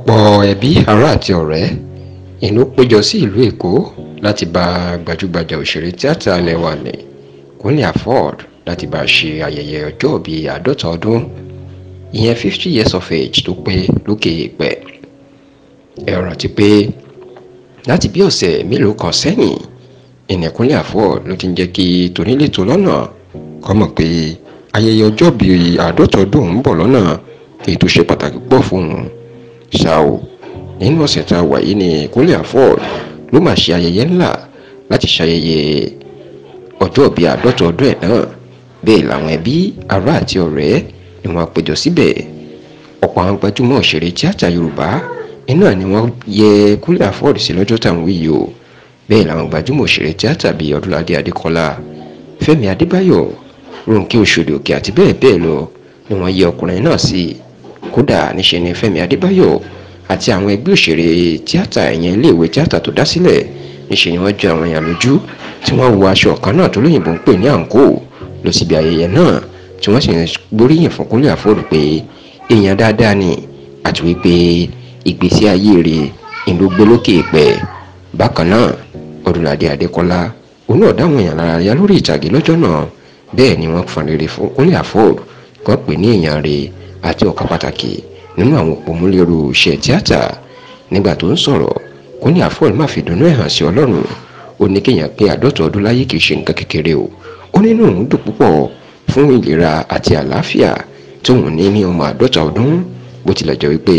ọ̀pọ̀ ẹbí ará àti ọ̀rẹ́ inú péjọ sí ìlú èkó láti bá gbajúgbajà òṣèré tíátà ilẹ̀ wa ní Kúnlé Afọ́d láti bá a ṣe ayẹyẹ ọjọ́ bíi àádọ́ta ọdún ìyẹn fifty years of age tó pé lókè èèpẹ̀ ẹ rántí pé láti bí ọ̀sẹ̀ mélòó kan sẹ́yìn ìnìkúnlé Afọ́d ló ti ń jẹ́ kí tonílétò lọ́nà kọ́ mọ̀ pé ayẹyẹ ọjọ́ bíi àádọ́ta ọdún ń bọ̀ lọ́nà èyí tó ṣe pàtàkì pọ̀ fún un ṣá o nínú ọ̀sẹ̀ tá a wà yìí ní ìkúnlẹ̀ afọ́ọ̀d ló máa ṣe ayẹyẹ ńlá láti ṣayẹyẹ ọjọ́ bíi àádọ́ta ọdún ẹ̀ náà bẹ́ẹ̀ làwọn ẹbí ará àti ọ̀rẹ́ ni wọ́n péjọ síbẹ̀ ọ̀pọ̀ àwọn gbajúmọ̀ òṣèré tíátà yorùbá iná ni wọ́n yẹ kúnlẹ̀ afọ́ọ̀d sí lọ́jọ́ táwọn wí yìí o bẹ́ẹ̀ làwọn gbajúmọ̀ òṣèré tíátà bíi ọdúnládé adékọlá fẹ́mi adébáyọ̀ ronke òṣòdì òkè àti bẹ́ẹ̀ bẹ́ẹ̀ lọ ni wọ́n yẹ ọkùnrin náà sí i kódà níṣe ni Fẹ́mi Adébáyọ̀ àti àwọn ẹgbẹ́ òṣèré tíátà ẹ̀yìn iléèwé tíátà tó dá sílẹ̀ níṣe ni wọ́n jọ àwọn èèyàn lójú tí wọ́n wọ aṣọ kan náà tó lóyìnbó ń pè ní àǹkó lọ síbi ayẹyẹ náà tí wọ́n sì ń gbóríyìn fún Kúnlé Àfọ́rù pé èèyàn dáadáa ni àti wípé ìgbésí ayé rẹ̀ ìlú gbólókè pẹ̀ bákan náà Ọdúnládé Adékọ́lá òun náà dáwọn èèyàn lára yá lórí ìtàgé lọ́jọ́ náà bẹ́ẹ̀ ni wọ́n fọn fún Kúnlé Àfọ́rù kan pè ní èèyàn rẹ̀ àti ọ̀kan pàtàkì nínú àwọn òpómúléró iṣẹ́ tíátà nígbà tó ń sọ̀rọ̀ kó ní àfọ́ọ̀lù má fi dùnú ẹ̀ hàn sí ọlọ́run ó ní kéèyàn pé àádọ́ta ọdún láyé kìí ṣe nǹkan kékeré o ó nínú òun dùn púpọ̀ fún ìlera àti àlàáfíà tóun ní ní ọmọ àádọ́ta ọdún bó tilẹ̀ jẹ́ wípé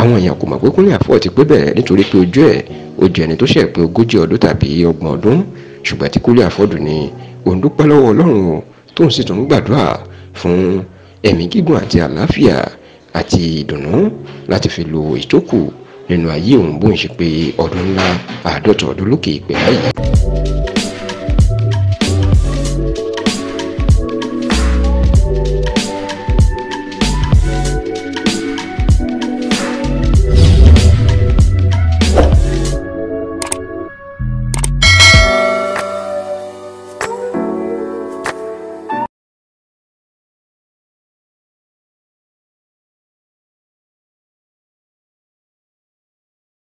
àwọn èèyàn kò mọ̀ pé Kúnlé Àfọ́ọ̀ ti pé bẹ́ẹ̀ nítorí pé ojú ẹ̀ ó ẹni tó ṣẹ̀ pé ogójì ọdún tàbí ọgbọ̀n ọdún ṣùgbọ́n tí Kúnlé Àfọ́ọ̀ ni òun lọ́wọ́ Ọlọ́run tóun sì tún gbàdúrà fún ẹ̀mí gígùn àti àlàáfíà àti ìdùnnú láti fi lo ìtókù nínú ayé òun bóun ṣe pé ọdún ńlá àádọ́ta ọdún lókè ìpẹ́ báyìí.